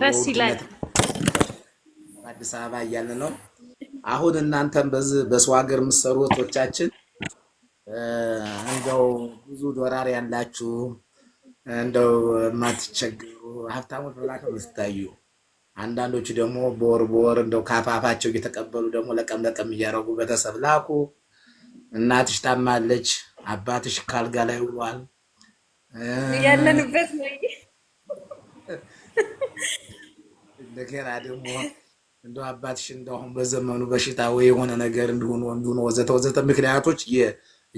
ደስ ይላል። አዲስ አበባ እያልን ነው አሁን። እናንተም በዚህ በሰው ሀገር የምትሰሩ ወቶቻችን እንደው ብዙ ዶላር ያላችሁ እንደው የማትቸገሩ ሀብታሞች በላከ ስታዩ፣ አንዳንዶቹ ደግሞ በወር በወር እንደው ካፋፋቸው እየተቀበሉ ደግሞ ለቀም ለቀም እያደረጉ ቤተሰብ ላኩ፣ እናትሽ ታማለች፣ አባትሽ ካልጋ ላይ ውሏል ያለንበት ነው እንደገና ደግሞ እንደ አባትሽ እንደሁን በዘመኑ በሽታ ወይ የሆነ ነገር እንዲሆኑ እንዲሆኑ ወዘተ ወዘተ ምክንያቶች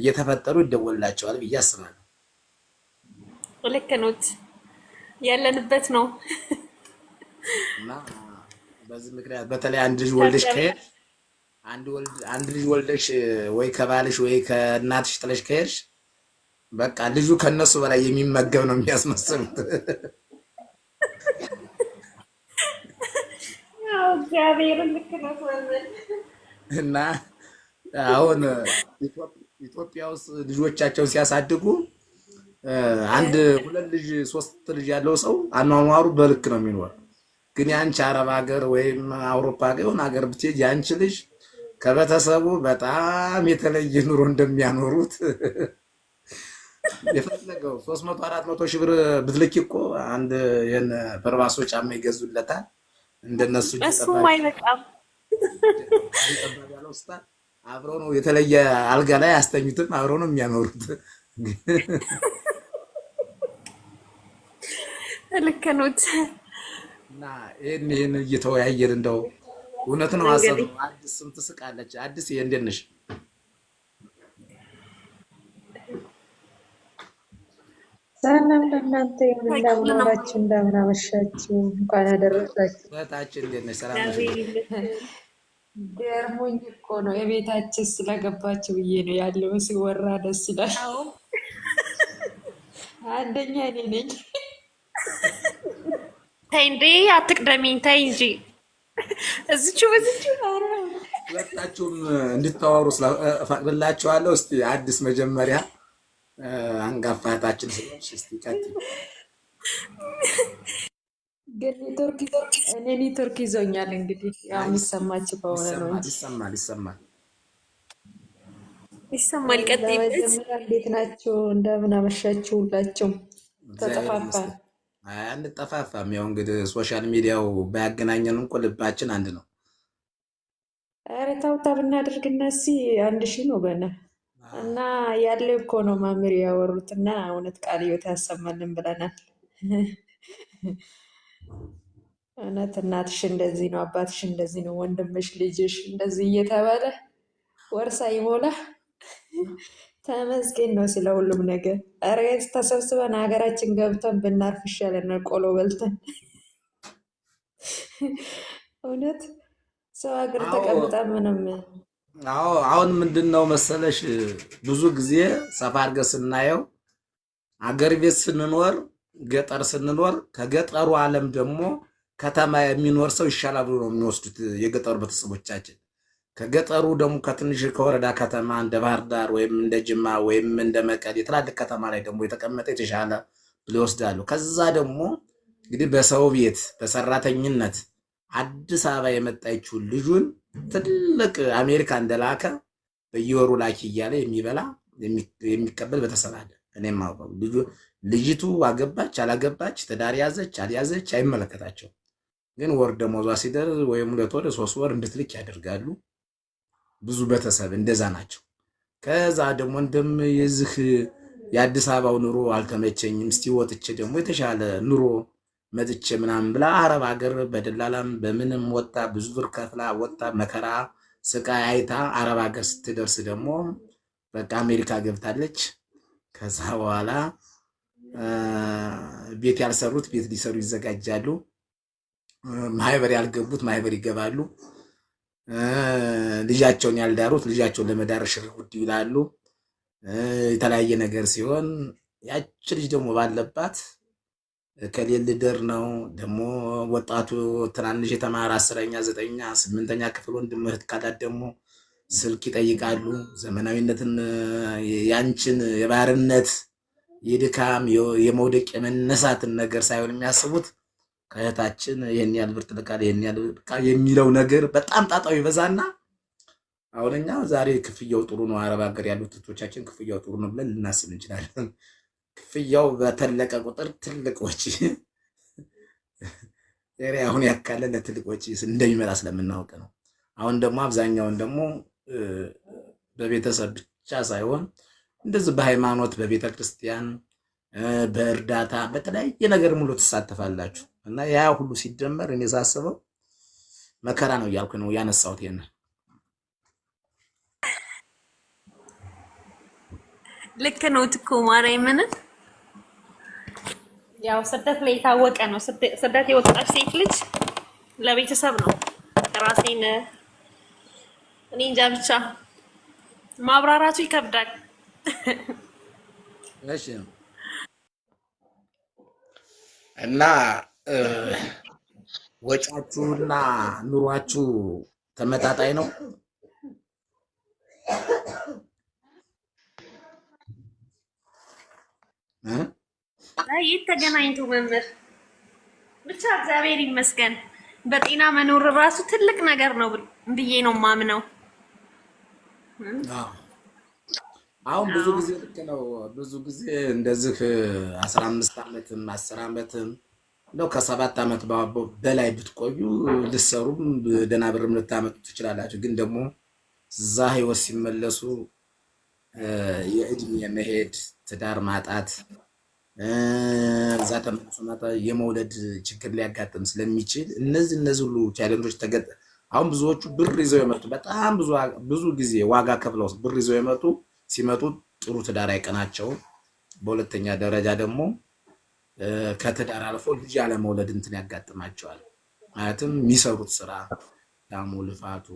እየተፈጠሩ ይደወልላቸዋል ብዬ አስባለሁ። ልክ ኖት ያለንበት ነው እና በዚህ ምክንያት በተለይ አንድ ልጅ ወልደሽ ከሄድሽ አንድ ልጅ ወልደሽ ወይ ከባልሽ ወይ ከእናትሽ ጥለሽ ከሄድሽ በቃ ልጁ ከእነሱ በላይ የሚመገብ ነው የሚያስመስሉት። እና አሁን ኢትዮጵያ ውስጥ ልጆቻቸውን ሲያሳድጉ አንድ ሁለት ልጅ ሶስት ልጅ ያለው ሰው አኗኗሩ በልክ ነው የሚኖር። ግን የአንቺ አረብ ሀገር ወይም አውሮፓ ሀገር ሀገር ብትሄድ የአንቺ ልጅ ከቤተሰቡ በጣም የተለየ ኑሮ እንደሚያኖሩት የፈለገው ሶስት መቶ አራት መቶ ሺህ ብር ብትልኪ እኮ አንድ ይህን በርባሶ ጫማ ይገዙለታል። እንደነሱ እሱም አይበቃም ነው የተለየ አልጋ ላይ አስተኙትም፣ አብረው ነው የሚያኖሩት። ልክ ነው። እና ይህን ይህን እየተወያየን እንደው እውነት ነው አሰብ አዲስ ስም ትስቃለች። አዲስ ነሽ? ሰላም ለእናንተ ይሁን። እንደምን እንኳን አደረሳችሁ። በታችን እንዴት ነሽ? ሰላም ገርሞኝ እኮ ነው የቤታችን ስለገባችሁ ብዬ ነው ያለው። ሲወራ ደስ ይላል። አንደኛ እኔ ነኝ። ተይ እንዴ አትቅደሚኝ፣ ተይ እንጂ እዚችው በዚችው ሁለታችሁም እንድታዋሩ ፈቅድላችኋለሁ። እስቲ አዲስ መጀመሪያ አንጋፋታችን ስለሆንሽ እስቲ ቀጥል። ግን እኔ ኔትወርክ ይዞኛል። እንግዲህ ያው የሚሰማችሁ ከሆነ ነው ይሰማል ይሰማል ይሰማል። ቀጥይ። እንዴት ናችሁ? እንደምን አመሻችሁ? ሁላችሁም ተጠፋፋን። አንጠፋፋም። ያው እንግዲህ ሶሻል ሚዲያው ባያገናኘን እንቁ ልባችን አንድ ነው። ኧረ ታውታ ብናደርግና እስኪ አንድ ሺህ ነው በነ እና ያለው እኮ ነው ማምር ያወሩት እና እውነት ቃል ህይወት ያሰማልን ብለናል። እውነት እናትሽ እንደዚህ ነው፣ አባትሽ እንደዚህ ነው፣ ወንድምሽ፣ ልጅሽ እንደዚህ እየተባለ ወርሳ ይሞላ ተመስገን ነው ስለ ሁሉም ነገር። ኧረ ተሰብስበን ሀገራችን ገብተን ብናርፍ ይሻለናል፣ ቆሎ በልተን እውነት ሰው ሀገር ተቀምጠ ምንም አዎ አሁን ምንድን ነው መሰለሽ፣ ብዙ ጊዜ ሰፋ አድርገን ስናየው አገር ቤት ስንኖር፣ ገጠር ስንኖር፣ ከገጠሩ ዓለም ደግሞ ከተማ የሚኖር ሰው ይሻላል ብሎ ነው የሚወስዱት የገጠሩ ቤተሰቦቻችን። ከገጠሩ ደግሞ ከትንሽ ከወረዳ ከተማ እንደ ባህር ዳር ወይም እንደ ጅማ ወይም እንደ መቀሌ ትላልቅ ከተማ ላይ ደግሞ የተቀመጠ የተሻለ ብሎ ይወስዳሉ። ከዛ ደግሞ እንግዲህ በሰው ቤት በሰራተኝነት አዲስ አበባ የመጣችውን ልጁን ትልቅ አሜሪካ እንደላከ በየወሩ ላኪ እያለ የሚበላ የሚቀበል በተሰናደ እኔም አውቀው ልጅቱ አገባች አላገባች ትዳር ያዘች አልያዘች አይመለከታቸው። ግን ወር ደሞዟ ሲደር ወይም ሁለት ወር ሶስት ወር እንድትልክ ያደርጋሉ። ብዙ ቤተሰብ እንደዛ ናቸው። ከዛ ደግሞ እንደም የዚህ የአዲስ አበባው ኑሮ አልተመቸኝም፣ እስቲ ወጥቼ ደግሞ የተሻለ ኑሮ መጥቼ ምናምን ብላ አረብ ሀገር በደላላም በምንም ወጣ ብዙ ብር ከፍላ ወጣ መከራ ስቃይ አይታ አረብ ሀገር ስትደርስ ደግሞ በቃ አሜሪካ ገብታለች። ከዛ በኋላ ቤት ያልሰሩት ቤት ሊሰሩ ይዘጋጃሉ። ማህበር ያልገቡት ማህበር ይገባሉ። ልጃቸውን ያልዳሩት ልጃቸውን ለመዳር ሽርጉድ ይላሉ። የተለያየ ነገር ሲሆን ያች ልጅ ደግሞ ባለባት ከሌል ልደር ነው ደግሞ ወጣቱ ትናንሽ የተማረ አስረኛ ዘጠኛ ስምንተኛ ክፍል ወንድም እህት ካላት ደግሞ ስልክ ይጠይቃሉ። ዘመናዊነትን ያንችን የባርነት የድካም የመውደቅ የመነሳትን ነገር ሳይሆን የሚያስቡት ከእህታችን ይህን ያህል ብር ትልካል ይህን ያህል የሚለው ነገር በጣም ጣጣው ይበዛና አሁን እኛ ዛሬ ክፍያው ጥሩ ነው፣ አረብ ሀገር ያሉት እህቶቻችን ክፍያው ጥሩ ነው ብለን ልናስብ እንችላለን። ክፍያው በተለቀ ቁጥር ትልቅ ወጪ አሁን ያካለ ለትልቅ ወጪ እንደሚመጣ ስለምናውቅ ነው። አሁን ደግሞ አብዛኛውን ደግሞ በቤተሰብ ብቻ ሳይሆን እንደዚህ በሃይማኖት በቤተ ክርስቲያን በእርዳታ በተለያየ ነገር ሙሉ ትሳተፋላችሁ እና ያ ሁሉ ሲደመር እኔ ሳስበው መከራ ነው እያልኩ ነው ያነሳሁት ይሄንን ልክ ነው እኮ ማርያምን። ያው ስደት ላይ የታወቀ ነው። ስደት የወጣች ሴት ልጅ ለቤተሰብ ነው። ራሴን እኔ እንጃ ብቻ ማብራራቱ ይከብዳል። እሺ እና ወጫችሁና ኑሯችሁ ተመጣጣኝ ነው። የት ተገናኝቶ መምህር ብቻ እግዚአብሔር ይመስገን በጤና መኖር እራሱ ትልቅ ነገር ነው ብዬ ነው ማምነው። አሁን ብዙ ጊዜ ልክ ነው። ብዙ ጊዜ እንደዚህ አስራ አምስት ዓመትም አስር ዓመትም እንደው ከሰባት ዓመት በላይ ብትቆዩ ልትሰሩም ደህና ብርም ልታመጡ ትችላላችሁ። ግን ደግሞ እዛ ህይወት ሲመለሱ የእድሜ መሄድ፣ ትዳር ማጣት፣ እዛ መጽናት፣ የመውለድ ችግር ሊያጋጥም ስለሚችል እነዚህ እነዚህ ሁሉ ቻሌንጆች ተገጠ አሁን ብዙዎቹ ብር ይዘው የመጡ በጣም ብዙ ጊዜ ዋጋ ከፍለው ብር ይዘው የመጡ ሲመጡ ጥሩ ትዳር አይቀናቸውም። በሁለተኛ ደረጃ ደግሞ ከትዳር አልፎ ልጅ ያለመውለድ እንትን ያጋጥማቸዋል። ማለትም የሚሰሩት ስራ ዳሙ ልፋቱ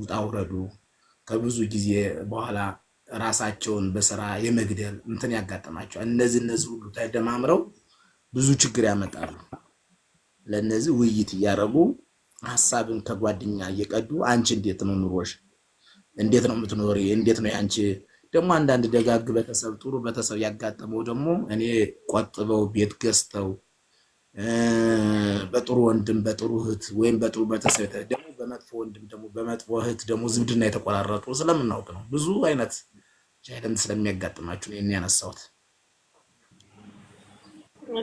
ውጣውረዱ ከብዙ ጊዜ በኋላ ራሳቸውን በስራ የመግደል እንትን ያጋጥማቸዋል። እነዚህ እነዚህ ሁሉ ተደማምረው ብዙ ችግር ያመጣሉ። ለእነዚህ ውይይት እያደረጉ ሀሳብን ከጓደኛ እየቀዱ አንቺ እንዴት ነው ኑሮሽ? እንዴት ነው የምትኖሪ? እንዴት ነው ያንቺ? ደግሞ አንዳንድ ደጋግ ቤተሰብ ጥሩ ቤተሰብ ያጋጠመው ደግሞ እኔ ቆጥበው ቤት ገዝተው በጥሩ ወንድም በጥሩ እህት ወይም በጥሩ ቤተሰብ ደግሞ በመጥፎ ወንድም ደግሞ በመጥፎ እህት ደግሞ ዝምድና የተቆራረጡ ስለምናውቅ ነው ብዙ አይነት ቻይልም ስለሚያጋጥማችሁ ይህን ያነሳሁት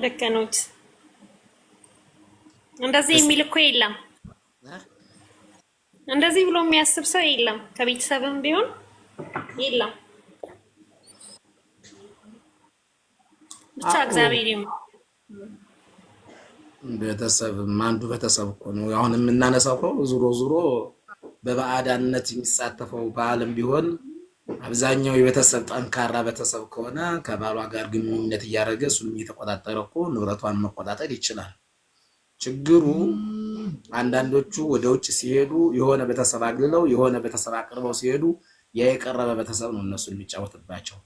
ደቀኖች እንደዚህ የሚል እኮ የለም። እንደዚህ ብሎ የሚያስብ ሰው የለም። ከቤተሰብም ቢሆን የለም። ብቻ እግዚአብሔር ይመስገን። ቤተሰብ አንዱ ቤተሰብ እኮ ነው። አሁን የምናነሳው ዙሮ ዙሮ በባዕዳነት የሚሳተፈው በአልም ቢሆን አብዛኛው የቤተሰብ ጠንካራ ቤተሰብ ከሆነ ከባሏ ጋር ግንኙነት እያደረገ እሱንም እየተቆጣጠረ እኮ ንብረቷን መቆጣጠር ይችላል። ችግሩ አንዳንዶቹ ወደ ውጭ ሲሄዱ የሆነ ቤተሰብ አግልለው የሆነ ቤተሰብ አቅርበው ሲሄዱ ያ የቀረበ ቤተሰብ ነው እነሱ የሚጫወትባቸው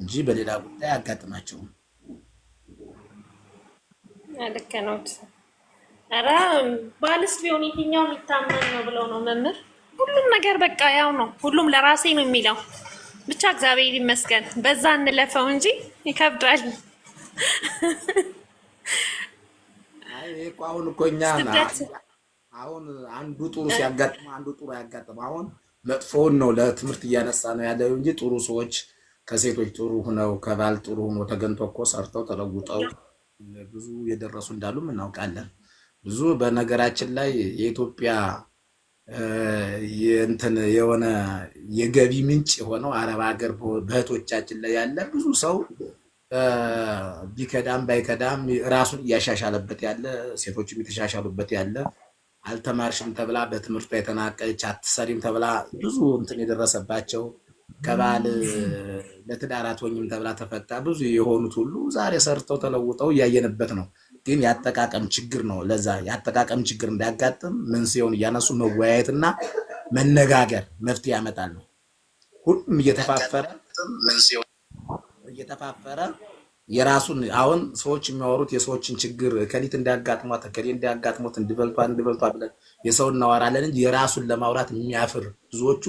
እንጂ በሌላ ጉዳይ አጋጥማቸውም ልክ ነው። ኧረ ባልስ ቢሆን የትኛው የሚታመን ነው ብለው ነው መምህር ሁሉም ነገር በቃ ያው ነው። ሁሉም ለራሴ ነው የሚለው ብቻ እግዚአብሔር ይመስገን። በዛ እንለፈው እንጂ ይከብዳል። አሁን እኮ እኛ አሁን አንዱ ጥሩ ሲያጋጥመ አንዱ ጥሩ ያጋጥመ። አሁን መጥፎውን ነው ለትምህርት እያነሳ ነው ያለው እንጂ ጥሩ ሰዎች ከሴቶች ጥሩ ሆነው ከባል ጥሩ ሆኖ ተገንቶ እኮ ሰርተው ተለውጠው ብዙ የደረሱ እንዳሉም እናውቃለን። ብዙ በነገራችን ላይ የኢትዮጵያ የእንትን የሆነ የገቢ ምንጭ የሆነው አረብ ሀገር በእህቶቻችን ላይ ያለ ብዙ ሰው ቢከዳም ባይከዳም ራሱን እያሻሻለበት ያለ ሴቶችም የተሻሻሉበት ያለ አልተማርሽም ተብላ በትምህርቷ የተናቀች አትሰሪም ተብላ ብዙ እንትን የደረሰባቸው ከባል ለትዳር አትሆኝም ተብላ ተፈታ ብዙ የሆኑት ሁሉ ዛሬ ሰርተው ተለውጠው እያየንበት ነው። ግን ያጠቃቀም ችግር ነው። ለዛ ያጠቃቀም ችግር እንዳያጋጥም መንስኤውን እያነሱ መወያየትና መነጋገር መፍትሄ ያመጣል ነው። ሁሉም እየተፋፈረ እየተፋፈረ የራሱን አሁን ሰዎች የሚያወሩት የሰዎችን ችግር ከሊት እንዳያጋጥሟት ከሌ እንዳያጋጥሞት እንዲበልቷ እንዲበልቷ ብለን የሰው እናወራለን እንጂ የራሱን ለማውራት የሚያፍር ብዙዎቹ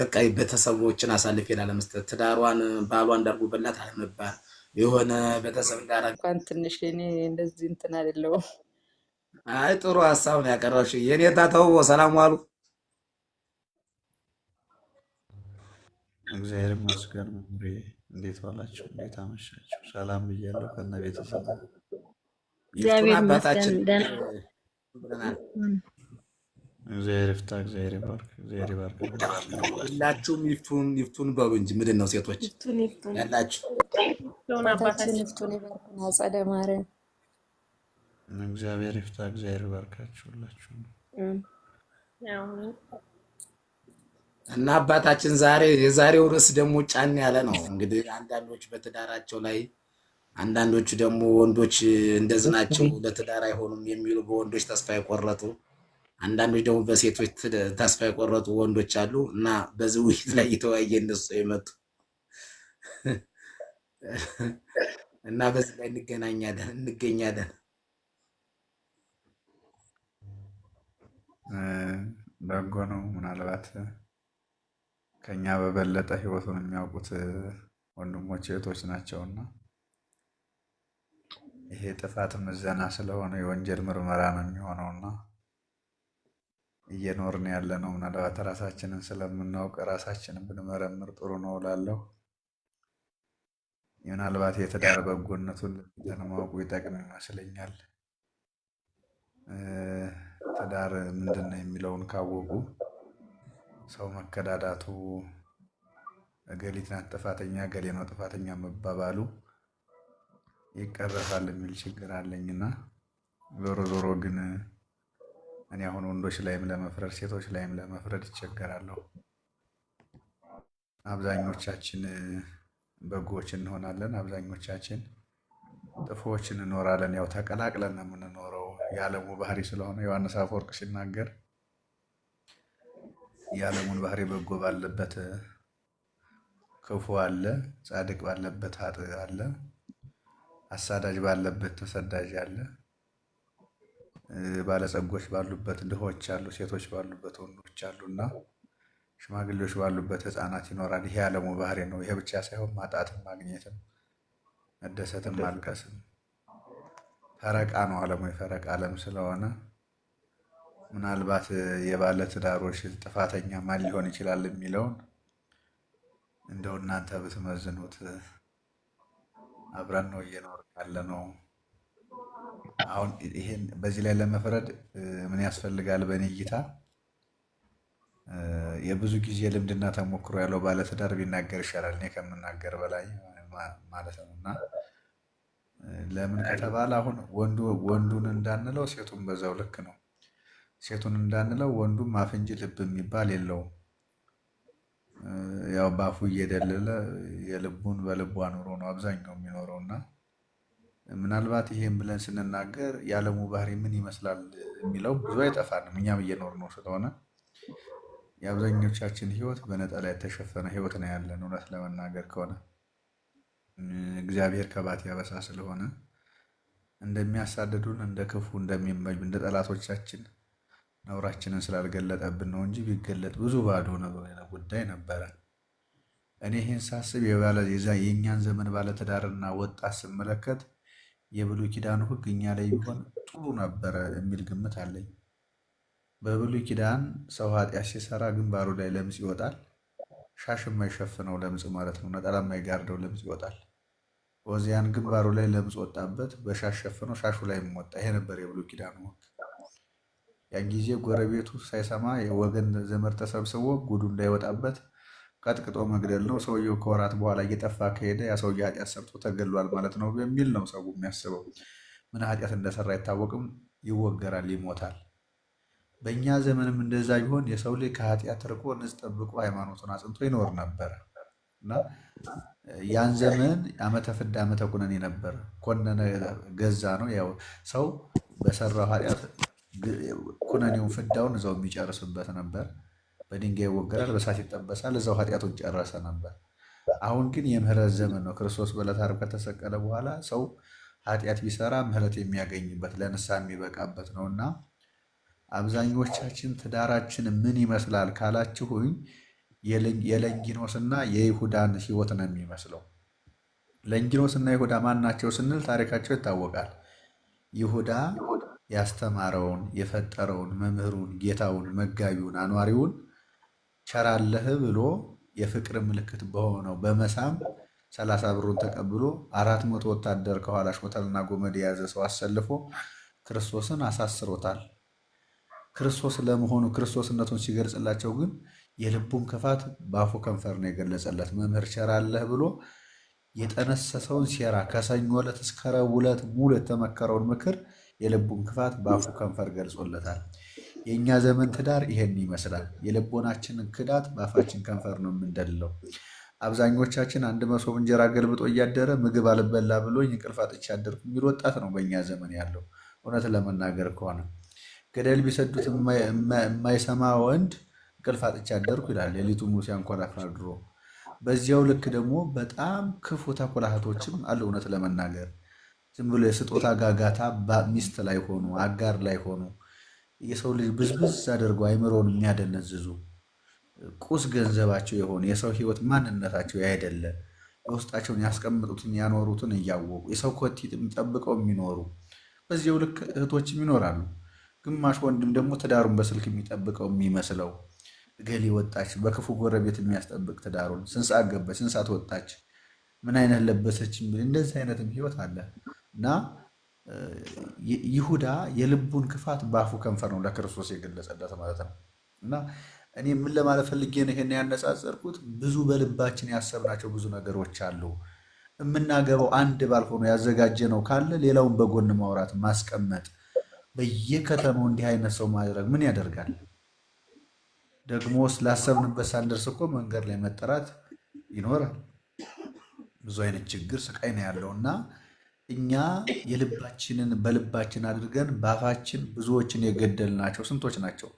በቃ ቤተሰቦችን አሳልፌ ላለመስጠት ትዳሯን ባሏ እንዳርጎ በላት አለመባል የሆነ ቤተሰብ እንዳረግ እንኳን ትንሽ እኔ እንደዚህ እንትን አይደለሁም። አይ ጥሩ ሀሳብ ነው ያቀረብሽ። የኔ ታተው ሰላም ዋሉ። እግዚአብሔር ይመስገን። ምሬ እንዴት ዋላችሁ? እንዴት አመሻችሁ? ሰላም ብያለሁ ከነ ቤተሰብ እግዚአብሔር ይመስገን። እግዚአብሔር ይፍታ። እግዚአብሔር ይባርክ። እግዚአብሔር ይባርክ። ሁላችሁም ይፍቱን ይፍቱን በሉ እንጂ ምንድን ነው ሴቶች ያላችሁ እግዚአብሔር ይፍታ። እግዚአብሔር ይባርካችሁ ሁላችሁ እና አባታችን ዛሬ የዛሬው ርዕስ ደግሞ ጫን ያለ ነው። እንግዲህ አንዳንዶች በትዳራቸው ላይ አንዳንዶቹ ደግሞ ወንዶች እንደዝናቸው ለትዳር አይሆኑም የሚሉ በወንዶች ተስፋ የቆረጡ አንዳንዶች ደግሞ በሴቶች ተስፋ የቆረጡ ወንዶች አሉ እና በዚህ ውይይት ላይ የተወያየ እንደሱ የመጡ እና በዚህ ላይ እንገናኛለን እንገኛለን። በጎ ነው። ምናልባት ከኛ በበለጠ ህይወቱን የሚያውቁት ወንድሞች እህቶች ናቸውና ይሄ ጥፋት ምዘና ስለሆነ የወንጀል ምርመራ ነው የሚሆነውና እየኖርን ያለ ነው። ምናልባት ራሳችንን ስለምናውቅ ራሳችንን ብንመረምር ጥሩ ነው እላለሁ። ምናልባት የትዳር በጎነቱን ለይተን ይጠቅም ይመስለኛል። ትዳር ምንድን ነው የሚለውን ካወቁ ሰው መከዳዳቱ፣ እገሊት ናት ጥፋተኛ፣ እገሌ ነው ጥፋተኛ መባባሉ ይቀረፋል የሚል ችግር አለኝና ዞሮ ዞሮ ግን እኔ አሁን ወንዶች ላይም ለመፍረድ ሴቶች ላይም ለመፍረድ ይቸገራለሁ። አብዛኞቻችን በጎዎች እንሆናለን፣ አብዛኞቻችን ጥፎች እንኖራለን። ያው ተቀላቅለን ነው የምንኖረው የዓለሙ ባህሪ ስለሆነ ዮሐንስ አፈወርቅ ሲናገር የዓለሙን ባህሪ በጎ ባለበት ክፉ አለ፣ ጻድቅ ባለበት ኃጥእ አለ፣ አሳዳጅ ባለበት ተሰዳጅ አለ ባለጸጎች ባሉበት ድሆች አሉ፣ ሴቶች ባሉበት ወንዶች እና ሽማግሌዎች ባሉበት ህፃናት ይኖራል። ይሄ ዓለሙ ባህሪ ነው። ይሄ ብቻ ሳይሆን ማጣትም ማግኘትም መደሰትም ማልቀስም ፈረቃ ነው። ዓለሙ የፈረቃ ዓለም ስለሆነ ምናልባት የባለ ትዳሮች ጥፋተኛ ማን ሊሆን ይችላል የሚለውን እንደው እናንተ ብትመዝኑት አብረን ነው እየኖር ያለ ነው። አሁን ይሄን በዚህ ላይ ለመፍረድ ምን ያስፈልጋል? በእኔ እይታ የብዙ ጊዜ ልምድና ተሞክሮ ያለው ባለትዳር ቢናገር ይሻላል፣ እኔ ከምናገር በላይ ማለት ነው። እና ለምን ከተባለ አሁን ወንዱን እንዳንለው ሴቱን በዛው ልክ ነው። ሴቱን እንዳንለው ወንዱም አፍንጂ ልብ የሚባል የለውም። ያው ባፉ እየደለለ የልቡን በልቡ አኑሮ ነው አብዛኛው የሚኖረው እና ምናልባት ይሄም ብለን ስንናገር የዓለሙ ባህሪ ምን ይመስላል የሚለው ብዙ አይጠፋንም። እኛም እየኖር ነው ስለሆነ የአብዛኞቻችን ህይወት በነጠላ የተሸፈነ ህይወት ነው ያለን። እውነት ለመናገር ከሆነ እግዚአብሔር ከባት ያበሳ ስለሆነ እንደሚያሳድዱን እንደ ክፉ እንደሚመኙ እንደ ጠላቶቻችን ነውራችንን ስላልገለጠብን ነው እንጂ ቢገለጥ ብዙ ባዶ ጉዳይ ነበረ። እኔ ይህን ሳስብ የኛን ዘመን ባለትዳርና ወጣት ስመለከት የብሉይ ኪዳኑ ህግ እኛ ላይ ቢሆን ጥሩ ነበረ የሚል ግምት አለኝ። በብሉይ ኪዳን ሰው ኃጢአት ሲሰራ ግንባሩ ላይ ለምጽ ይወጣል። ሻሽ የማይሸፍነው ለምጽ ማለት ነው። ነጠላ የማይጋርደው ለምጽ ይወጣል። ወዚያን ግንባሩ ላይ ለምጽ ወጣበት፣ በሻሽ ሸፍነው፣ ሻሹ ላይ ወጣ። ይሄ ነበር የብሉይ ኪዳኑ ህግ። ያን ጊዜ ጎረቤቱ ሳይሰማ የወገን ዘመድ ተሰብስቦ ጉዱ እንዳይወጣበት ቀጥቅጦ መግደል ነው። ሰውየው ከወራት በኋላ እየጠፋ ከሄደ ያ ሰውየ ኃጢአት ሰርቶ ተገሏል ማለት ነው የሚል ነው ሰው የሚያስበው። ምን ኃጢአት እንደሰራ አይታወቅም፣ ይወገራል፣ ይሞታል። በእኛ ዘመንም እንደዛ ቢሆን የሰው ልጅ ከኃጢአት ርቆ ንጽ ጠብቆ ሃይማኖቱን አጽንቶ ይኖር ነበር። እና ያን ዘመን ዓመተ ፍዳ ዓመተ ኩነኔ ነበር። ኮነነ ገዛ ነው ያው ሰው በሰራው ኃጢአት ኩነኔውን ፍዳውን እዛው የሚጨርስበት ነበር። በድንጋይ ይወገራል፣ በሳት ይጠበሳል። እዛው ኃጢአቱን ጨረሰ ነበር። አሁን ግን የምህረት ዘመን ነው። ክርስቶስ በዕለተ ዓርብ ከተሰቀለ በኋላ ሰው ኃጢአት ቢሰራ ምህረት የሚያገኝበት ለንስሐ የሚበቃበት ነው እና አብዛኞቻችን ትዳራችን ምን ይመስላል ካላችሁኝ የለንጊኖስና የይሁዳን ህይወት ነው የሚመስለው። እና ይሁዳ ማን ናቸው ስንል ታሪካቸው ይታወቃል። ይሁዳ ያስተማረውን የፈጠረውን መምህሩን ጌታውን መጋቢውን አኗሪውን ቸራለህ ብሎ የፍቅር ምልክት በሆነው በመሳም ሰላሳ ብሩን ተቀብሎ አራት መቶ ወታደር ከኋላ ሾተልና ጎመድ የያዘ ሰው አሰልፎ ክርስቶስን አሳስሮታል። ክርስቶስ ለመሆኑ ክርስቶስነቱን ሲገልጽላቸው ግን የልቡን ክፋት በአፉ ከንፈር ነው የገለጸለት። መምህር ቸራለህ ብሎ የጠነሰሰውን ሴራ ከሰኞ ዕለት እስከ ረቡዕ ዕለት ሙሉ የተመከረውን ምክር የልቡን ክፋት በአፉ ከንፈር ገልጾለታል። የእኛ ዘመን ትዳር ይሄን ይመስላል። የልቦናችንን ክዳት በአፋችን ከንፈር ነው የምንደልለው። አብዛኞቻችን አንድ መሶብ እንጀራ ገልብጦ እያደረ ምግብ አልበላ ብሎኝ እንቅልፍ አጥቼ አደርኩ የሚል ወጣት ነው በእኛ ዘመን ያለው። እውነት ለመናገር ከሆነ ገደል ቢሰዱት የማይሰማ ወንድ እንቅልፍ አጥቼ አደርኩ ይላል። ሌሊቱ ሙሉ ሲያንኮራፋ ድሮ። በዚያው ልክ ደግሞ በጣም ክፉ ተኩላህቶችም አሉ። እውነት ለመናገር ዝም ብሎ የስጦታ ጋጋታ ሚስት ላይ ሆኑ አጋር ላይ ሆኑ የሰው ልጅ ብዝብዝ አድርጎ አይምሮን የሚያደነዝዙ ቁስ ገንዘባቸው የሆነ የሰው ህይወት ማንነታቸው ያይደለ በውስጣቸውን ያስቀምጡትን ያኖሩትን እያወቁ የሰው ኮቴ ጠብቀው የሚኖሩ በዚያው ልክ እህቶችም ይኖራሉ። ግማሽ ወንድም ደግሞ ትዳሩን በስልክ የሚጠብቀው የሚመስለው እገሌ ወጣች፣ በክፉ ጎረቤት የሚያስጠብቅ ትዳሩን ስንት ሰዓት ገባች፣ ስንት ሰዓት ወጣች፣ ምን አይነት ለበሰች የሚል እንደዚህ አይነትም ህይወት አለ እና ይሁዳ የልቡን ክፋት በአፉ ከንፈር ነው ለክርስቶስ የገለጸለት ማለት ነው። እና እኔ ምን ለማለት ፈልጌ ነው ይሄን ያነጻጸርኩት? ብዙ በልባችን ያሰብናቸው ብዙ ነገሮች አሉ። የምናገባው አንድ ባልሆኖ ያዘጋጀ ነው ካለ ሌላውን በጎን ማውራት ማስቀመጥ፣ በየከተማው እንዲህ አይነት ሰው ማድረግ ምን ያደርጋል? ደግሞ ስላሰብንበት ሳንደርስ እኮ መንገድ ላይ መጠራት ይኖራል። ብዙ አይነት ችግር ስቃይ ነው ያለው እና እኛ የልባችንን በልባችን አድርገን በአፋችን ብዙዎችን የገደል ናቸው ስንቶች ናቸው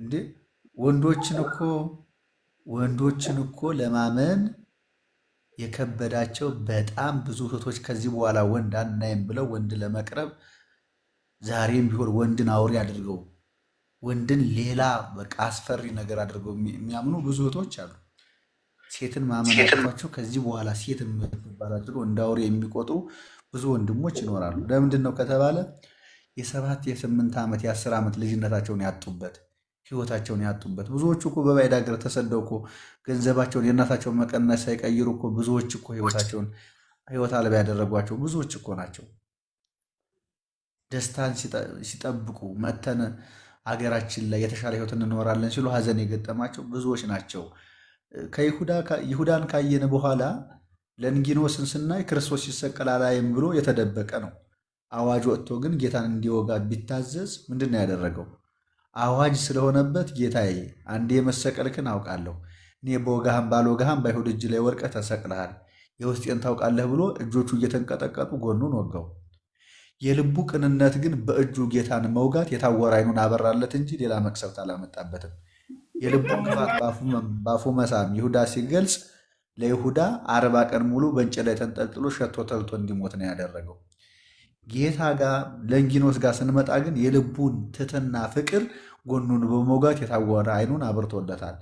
እንዴ? ወንዶችን እኮ ወንዶችን እኮ ለማመን የከበዳቸው በጣም ብዙ እህቶች ከዚህ በኋላ ወንድ አናይም ብለው ወንድ ለመቅረብ ዛሬም ቢሆን ወንድን አውሬ አድርገው ወንድን ሌላ በቃ አስፈሪ ነገር አድርገው የሚያምኑ ብዙ እህቶች አሉ። ሴትን ማመናቸው ከዚህ በኋላ ሴት የምትባል አድርገው እንደ አውሬ የሚቆጥሩ ብዙ ወንድሞች ይኖራሉ። ለምንድን ነው ከተባለ የሰባት የስምንት ዓመት የአስር ዓመት ልጅነታቸውን ያጡበት ህይወታቸውን ያጡበት ብዙዎቹ እኮ በባዕድ ሀገር ተሰደው እኮ ገንዘባቸውን የእናታቸውን መቀነስ ሳይቀይሩ እኮ ብዙዎች እኮ ህይወታቸውን ህይወት አልባ ያደረጓቸው ብዙዎች እኮ ናቸው። ደስታን ሲጠብቁ መተን አገራችን ላይ የተሻለ ህይወት እንኖራለን ሲሉ ሀዘን የገጠማቸው ብዙዎች ናቸው። ከይሁዳን ካየን በኋላ ለንጊኖስን ስናይ ክርስቶስ ሲሰቀል አላይም ብሎ የተደበቀ ነው። አዋጅ ወጥቶ ግን ጌታን እንዲወጋ ቢታዘዝ ምንድን ነው ያደረገው? አዋጅ ስለሆነበት ጌታዬ አንዴ የመሰቀልክን አውቃለሁ እኔ በወጋህም ባልወጋህም በአይሁድ እጅ ላይ ወርቀህ ተሰቅልሃል የውስጤን ታውቃለህ ብሎ እጆቹ እየተንቀጠቀጡ ጎኑን ወጋው። የልቡ ቅንነት ግን በእጁ ጌታን መውጋት የታወረ አይኑን አበራለት እንጂ ሌላ መቅሰፍት አላመጣበትም። የልቡን ክፋት በአፉ መሳም ይሁዳ ሲገልጽ ለይሁዳ አርባ ቀን ሙሉ በእንጨት ላይ ተንጠልጥሎ ሸቶ ተልቶ እንዲሞት ነው ያደረገው። ጌታ ጋር ለንጊኖስ ጋር ስንመጣ ግን የልቡን ትትና ፍቅር ጎኑን በመውጋት የታወረ አይኑን አብርቶለታል።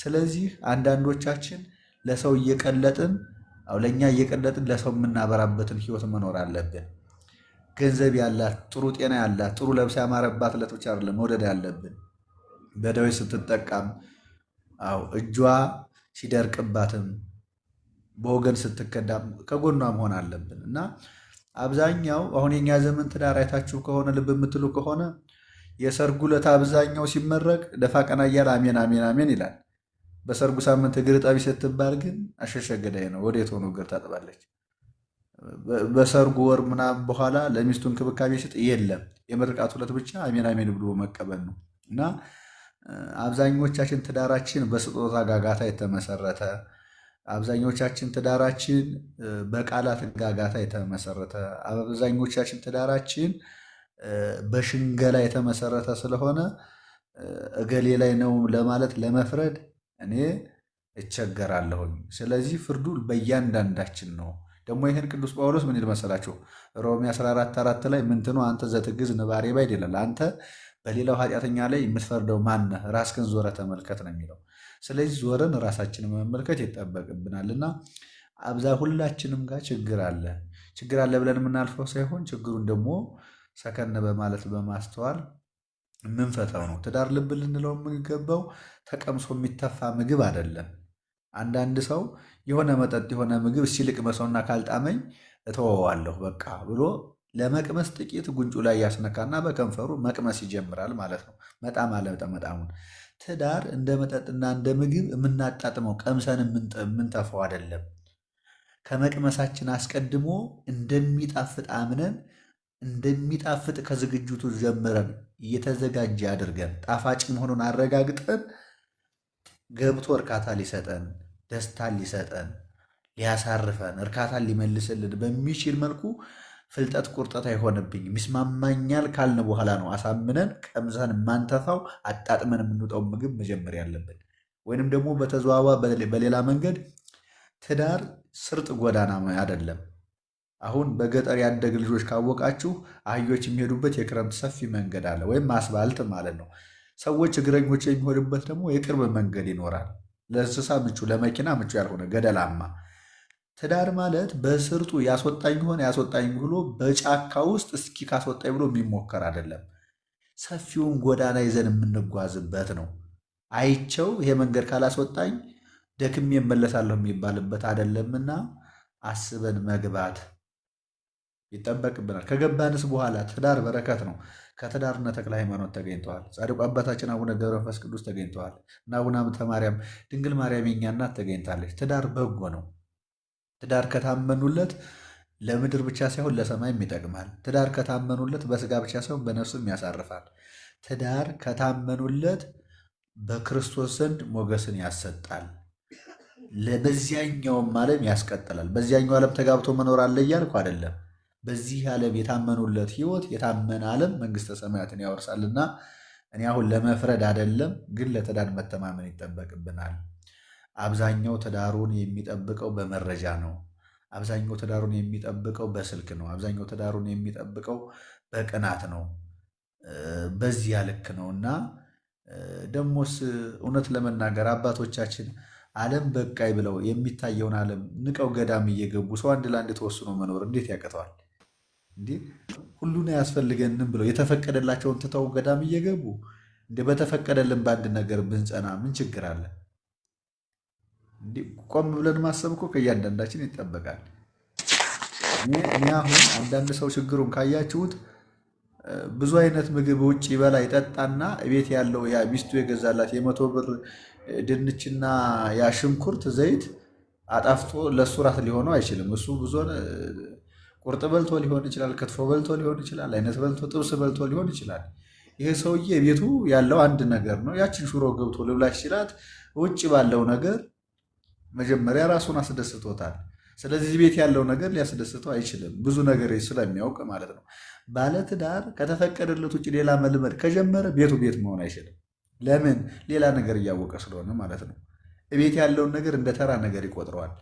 ስለዚህ አንዳንዶቻችን ለሰው እየቀለጥን ለእኛ እየቀለጥን ለሰው የምናበራበትን ህይወት መኖር አለብን። ገንዘብ ያላት ጥሩ ጤና ያላት ጥሩ ለብሳ ያማረባት ለቶች አለ መውደድ ያለብን። በደዌ ስትጠቃም እጇ ሲደርቅባትም በወገን ስትከዳ ከጎኗ መሆን አለብን እና አብዛኛው አሁን የኛ ዘመን ትዳር አይታችሁ ከሆነ ልብ የምትሉ ከሆነ የሰርጉ ዕለት አብዛኛው ሲመረቅ ደፋ ቀና እያለ አሜን አሜን አሜን ይላል። በሰርጉ ሳምንት እግር ጠቢ ስትባል ግን አሸሸገዳይ ነው። ወዴት ሆኖ እግር ታጥባለች? በሰርጉ ወር ምናምን በኋላ ለሚስቱ እንክብካቤ ሲጥ የለም። የምርቃቱ ዕለት ብቻ አሜን አሜን ብሎ መቀበል ነው እና አብዛኞቻችን ትዳራችን በስጦታ ጋጋታ የተመሰረተ አብዛኞቻችን ትዳራችን በቃላት ጋጋታ የተመሰረተ፣ አብዛኞቻችን ትዳራችን በሽንገላ የተመሰረተ ስለሆነ እገሌ ላይ ነው ለማለት ለመፍረድ እኔ እቸገራለሁኝ። ስለዚህ ፍርዱ በእያንዳንዳችን ነው። ደግሞ ይህን ቅዱስ ጳውሎስ ምን ይል መሰላችሁ? ሮሜ 14 ላይ ምንትኑ አንተ ዘትግዝ ንባሬ ባይድ ይላል። አንተ በሌላው ኃጢአተኛ ላይ የምትፈርደው ማነህ? ራስክን ዞረ ተመልከት ነው የሚለው ስለዚህ ዞረን ራሳችንን መመልከት ይጠበቅብናል እና አብዛ ሁላችንም ጋር ችግር አለ። ችግር አለ ብለን የምናልፈው ሳይሆን ችግሩን ደግሞ ሰከን በማለት በማስተዋል የምንፈታው ነው። ትዳር ልብ ልንለው የምንገባው ተቀምሶ የሚተፋ ምግብ አይደለም። አንዳንድ ሰው የሆነ መጠጥ የሆነ ምግብ ሲልቅመሰውና ካልጣመኝ እተወዋለሁ በቃ ብሎ ለመቅመስ ጥቂት ጉንጩ ላይ ያስነካና በከንፈሩ መቅመስ ይጀምራል ማለት ነው። መጣም አለመጠመጣሙን ትዳር እንደ መጠጥና እንደ ምግብ የምናጣጥመው ቀምሰን የምንጠፋው አይደለም። ከመቅመሳችን አስቀድሞ እንደሚጣፍጥ አምነን እንደሚጣፍጥ ከዝግጅቱ ጀምረን እየተዘጋጀ አድርገን ጣፋጭ መሆኑን አረጋግጠን ገብቶ እርካታ ሊሰጠን ደስታን ሊሰጠን ሊያሳርፈን እርካታን ሊመልስልን በሚችል መልኩ ፍልጠት ቁርጠት አይሆንብኝም፣ ይስማማኛል ካልን በኋላ ነው አሳምነን ቀምሰን ማንተፋው አጣጥመን የምንውጠው ምግብ መጀመር ያለብን። ወይንም ደግሞ በተዘዋዋ በሌላ መንገድ ትዳር ስርጥ ጎዳና አይደለም። አሁን በገጠር ያደግ ልጆች ካወቃችሁ አህዮች የሚሄዱበት የክረምት ሰፊ መንገድ አለ፣ ወይም አስፋልት ማለት ነው። ሰዎች እግረኞች የሚሆንበት ደግሞ የቅርብ መንገድ ይኖራል። ለእንስሳ ምቹ፣ ለመኪና ምቹ ያልሆነ ገደላማ ትዳር ማለት በስርጡ ያስወጣኝ ሆነ ያስወጣኝ ብሎ በጫካ ውስጥ እስኪ ካስወጣኝ ብሎ የሚሞከር አይደለም። ሰፊውን ጎዳና ይዘን የምንጓዝበት ነው። አይቸው ይሄ መንገድ ካላስወጣኝ ደክሜ እመለሳለሁ የሚባልበት አይደለምና አስበን መግባት ይጠበቅብናል። ከገባንስ በኋላ ትዳር በረከት ነው። ከትዳርና ተክለ ሃይማኖት ተገኝተዋል። ጻድቁ አባታችን አቡነ ገብረ መንፈስ ቅዱስ ተገኝተዋል እና አቡነ አምተ ማርያም ድንግል ማርያም የኛ እናት ተገኝታለች። ትዳር በጎ ነው። ትዳር ከታመኑለት ለምድር ብቻ ሳይሆን ለሰማይም ይጠቅማል። ትዳር ከታመኑለት በስጋ ብቻ ሳይሆን በነፍስም ያሳርፋል። ትዳር ከታመኑለት በክርስቶስ ዘንድ ሞገስን ያሰጣል። ለበዚያኛውም ዓለም ያስቀጥላል። በዚያኛው ዓለም ተጋብቶ መኖር አለ እያልኩ አይደለም። በዚህ ዓለም የታመኑለት ህይወት የታመነ ዓለም መንግስተ ሰማያትን ያወርሳልና እኔ አሁን ለመፍረድ አይደለም፣ ግን ለትዳር መተማመን ይጠበቅብናል። አብዛኛው ትዳሩን የሚጠብቀው በመረጃ ነው። አብዛኛው ትዳሩን የሚጠብቀው በስልክ ነው። አብዛኛው ትዳሩን የሚጠብቀው በቅናት ነው። በዚያ ልክ ነው እና ደሞስ እውነት ለመናገር አባቶቻችን ዓለም በቃይ ብለው የሚታየውን ዓለም ንቀው ገዳም እየገቡ ሰው አንድ ለአንድ ተወስኖ መኖር እንዴት ያቅተዋል? እንዲህ ሁሉን አያስፈልገንም ብለው የተፈቀደላቸውን ትተው ገዳም እየገቡ እንደ በተፈቀደልን በአንድ ነገር ብንጸና ምን ችግር አለ? ቆም ብለን ማሰብ እኮ ከእያንዳንዳችን ይጠበቃል። እኔ አሁን አንዳንድ ሰው ችግሩን ካያችሁት ብዙ አይነት ምግብ ውጭ ይበላ ይጠጣና ቤት ያለው ያ ሚስቱ የገዛላት የመቶ ብር ድንችና ያ ሽንኩርት ዘይት አጣፍጦ ለሱራት ራት ሊሆነው አይችልም። እሱ ብዙ ቁርጥ በልቶ ሊሆን ይችላል፣ ክትፎ በልቶ ሊሆን ይችላል፣ አይነት በልቶ ጥብስ በልቶ ሊሆን ይችላል። ይሄ ሰውዬ ቤቱ ያለው አንድ ነገር ነው። ያችን ሽሮ ገብቶ ልብላሽ ይችላት ውጭ ባለው ነገር መጀመሪያ ራሱን አስደስቶታል። ስለዚህ ቤት ያለው ነገር ሊያስደስተው አይችልም፣ ብዙ ነገር ስለሚያውቅ ማለት ነው። ባለትዳር ከተፈቀደለት ውጭ ሌላ መልመድ ከጀመረ ቤቱ ቤት መሆን አይችልም። ለምን? ሌላ ነገር እያወቀ ስለሆነ ማለት ነው። እቤት ያለውን ነገር እንደ ተራ ነገር ይቆጥረዋል።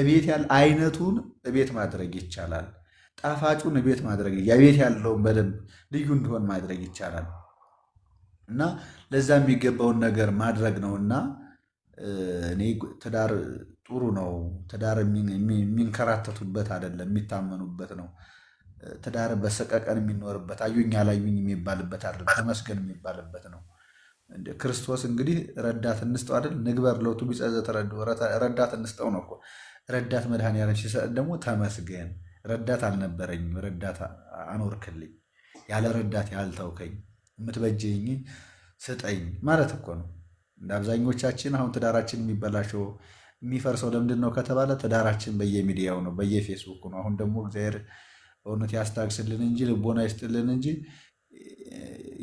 እቤት ያለ አይነቱን እቤት ማድረግ ይቻላል። ጣፋጩን እቤት ማድረግ የቤት ያለውን በደንብ ልዩ እንዲሆን ማድረግ ይቻላል እና ለዛ የሚገባውን ነገር ማድረግ ነውና እኔ ትዳር ጥሩ ነው፣ ትዳር የሚንከራተቱበት አይደለም፣ የሚታመኑበት ነው። ትዳር በሰቀቀን የሚኖርበት አዩኝ አላዩኝ የሚባልበት አይደለም፣ ተመስገን የሚባልበት ነው። ክርስቶስ እንግዲህ ረዳት እንስጠው አይደል? ንግበር ለውቱ ቢጸዘ ተረዱ ረዳት እንስጠው ነው እኮ ረዳት መድኃኔዓለም ሲሰጥ ደግሞ ተመስገን ረዳት አልነበረኝም፣ ረዳት አኖርክልኝ፣ ያለ ረዳት ያልተውከኝ፣ የምትበጀኝ ስጠኝ ማለት እኮ ነው። እንደ አብዛኞቻችን አሁን ትዳራችን የሚበላሸው የሚፈርሰው ለምንድን ነው ከተባለ ትዳራችን በየሚዲያው ነው፣ በየፌስቡክ ነው። አሁን ደግሞ እግዚአብሔር በእውነት ያስታግስልን እንጂ ልቦና ይስጥልን እንጂ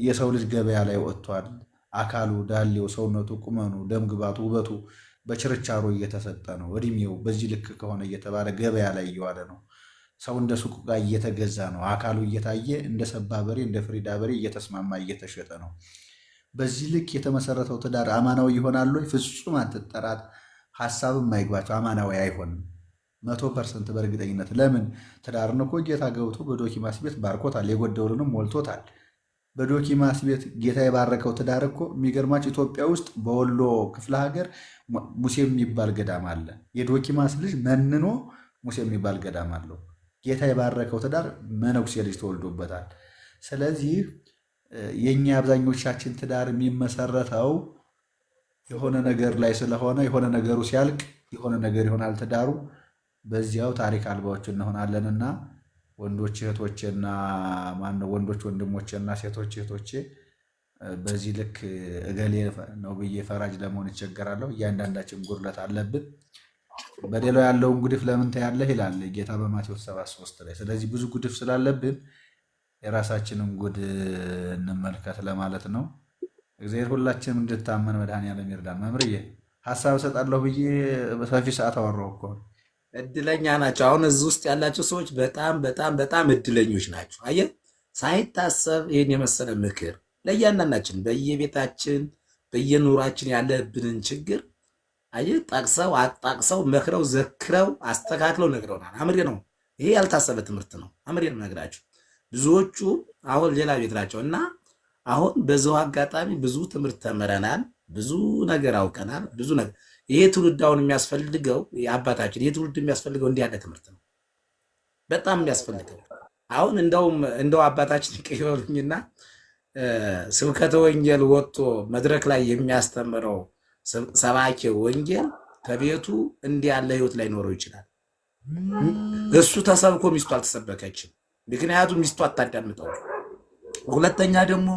የሰው ልጅ ገበያ ላይ ወጥቷል። አካሉ፣ ዳሌው፣ ሰውነቱ፣ ቁመኑ፣ ደምግባቱ፣ ውበቱ በችርቻሮ እየተሰጠ ነው። እድሜው በዚህ ልክ ከሆነ እየተባለ ገበያ ላይ እየዋለ ነው። ሰው እንደ ሱቁ ጋር እየተገዛ ነው። አካሉ እየታየ እንደ ሰባ በሬ እንደ ፍሪዳ በሬ እየተስማማ እየተሸጠ ነው። በዚህ ልክ የተመሰረተው ትዳር አማናዊ ይሆናሉ? ፍጹም አትጠራት። ሀሳብም አይግባቸው። አማናዊ አይሆንም መቶ ፐርሰንት በእርግጠኝነት። ለምን ትዳርን እኮ ጌታ ገብቶ በዶኪማስ ቤት ባርኮታል፣ የጎደውንም ሞልቶታል። በዶኪማስ ቤት ጌታ የባረከው ትዳር እኮ የሚገርማቸው ኢትዮጵያ ውስጥ በወሎ ክፍለ ሀገር ሙሴ የሚባል ገዳም አለ። የዶኪማስ ልጅ መንኖ ሙሴ የሚባል ገዳም አለው። ጌታ የባረከው ትዳር መነኩሴ ልጅ ተወልዶበታል። ስለዚህ የእኛ አብዛኞቻችን ትዳር የሚመሰረተው የሆነ ነገር ላይ ስለሆነ የሆነ ነገሩ ሲያልቅ የሆነ ነገር ይሆናል ትዳሩ። በዚያው ታሪክ አልባዎች እና ወንዶች እህቶቼና ማነው ወንዶች ወንድሞቼና ሴቶች እህቶቼ በዚህ ልክ እገሌ ነው ብዬ ፈራጅ ለመሆን ይቸገራለሁ። እያንዳንዳችን ጉድለት አለብን። በሌላው ያለውን ጉድፍ ለምን ታያለህ ይላል ጌታ በማቴዎስ ሰባት ሦስት ላይ። ስለዚህ ብዙ ጉድፍ ስላለብን የራሳችንን ጉድ እንመልከት ለማለት ነው። እግዚአብሔር ሁላችንም እንድታመን መድኃኔዓለም ይርዳን። መምርዬ ሀሳብ እሰጣለሁ ብዬ በሰፊ ሰዓት አወራሁ እኮ። እድለኛ ናቸው። አሁን እዚህ ውስጥ ያላቸው ሰዎች በጣም በጣም በጣም እድለኞች ናቸው። አየህ ሳይታሰብ ይህን የመሰለ ምክር ለእያንዳንዳችን በየቤታችን በየኑሯችን ያለብንን ችግር አየህ ጠቅሰው አጣቅሰው መክረው ዘክረው አስተካክለው ነግረውናል። አምሬ ነው። ይሄ ያልታሰበ ትምህርት ነው። አምሬ ነው ነግራችሁ ብዙዎቹ አሁን ሌላ ቤት ናቸው እና አሁን በዛው አጋጣሚ ብዙ ትምህርት ተምረናል፣ ብዙ ነገር አውቀናል። ብዙ ነገር ይሄ ትውልድ አሁን የሚያስፈልገው አባታችን፣ ይሄ ትውልድ የሚያስፈልገው እንዲህ ያለ ትምህርት ነው። በጣም የሚያስፈልገው አሁን እንደውም እንደው አባታችን ይቀበሉኝና ስብከተ ወንጌል ወጥቶ መድረክ ላይ የሚያስተምረው ሰባኬ ወንጌል ከቤቱ እንዲህ ያለ ህይወት ላይ ኖረው ይችላል። እሱ ተሰብኮ ሚስቱ አልተሰበከችም። ምክንያቱም ሚስቱ አታዳምጠው። ሁለተኛ ደግሞ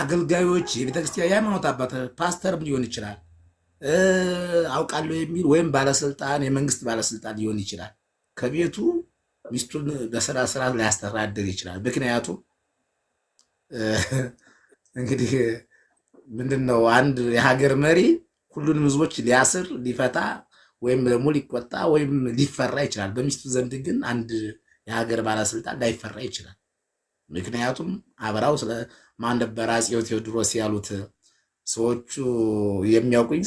አገልጋዮች የቤተክርስቲያን የሃይማኖት አባት ፓስተርም ሊሆን ይችላል አውቃለሁ የሚል ወይም ባለስልጣን የመንግስት ባለስልጣን ሊሆን ይችላል። ከቤቱ ሚስቱን በስራ ስራ ሊያስተዳድር ይችላል። ምክንያቱም እንግዲህ ምንድን ነው አንድ የሀገር መሪ ሁሉንም ህዝቦች ሊያስር ሊፈታ ወይም ደግሞ ሊቆጣ ወይም ሊፈራ ይችላል። በሚስቱ ዘንድ ግን አንድ የሀገር ባለስልጣን ላይፈራ ይችላል። ምክንያቱም አበራው ስለ ማን ነበር ቴዎድሮስ ያሉት ሰዎቹ የሚያውቁኝ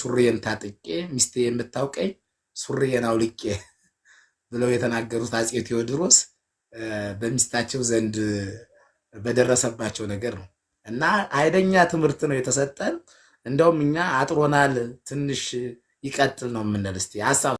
ሱሪዬን ታጥቄ ሚስቴ የምታውቀኝ ሱሪዬን አውልቄ ብለው የተናገሩት አፄ ቴዎድሮስ በሚስታቸው ዘንድ በደረሰባቸው ነገር ነው እና አይደኛ ትምህርት ነው የተሰጠን። እንደውም እኛ አጥሮናል፣ ትንሽ ይቀጥል ነው የምንል። እስቲ ሀሳብ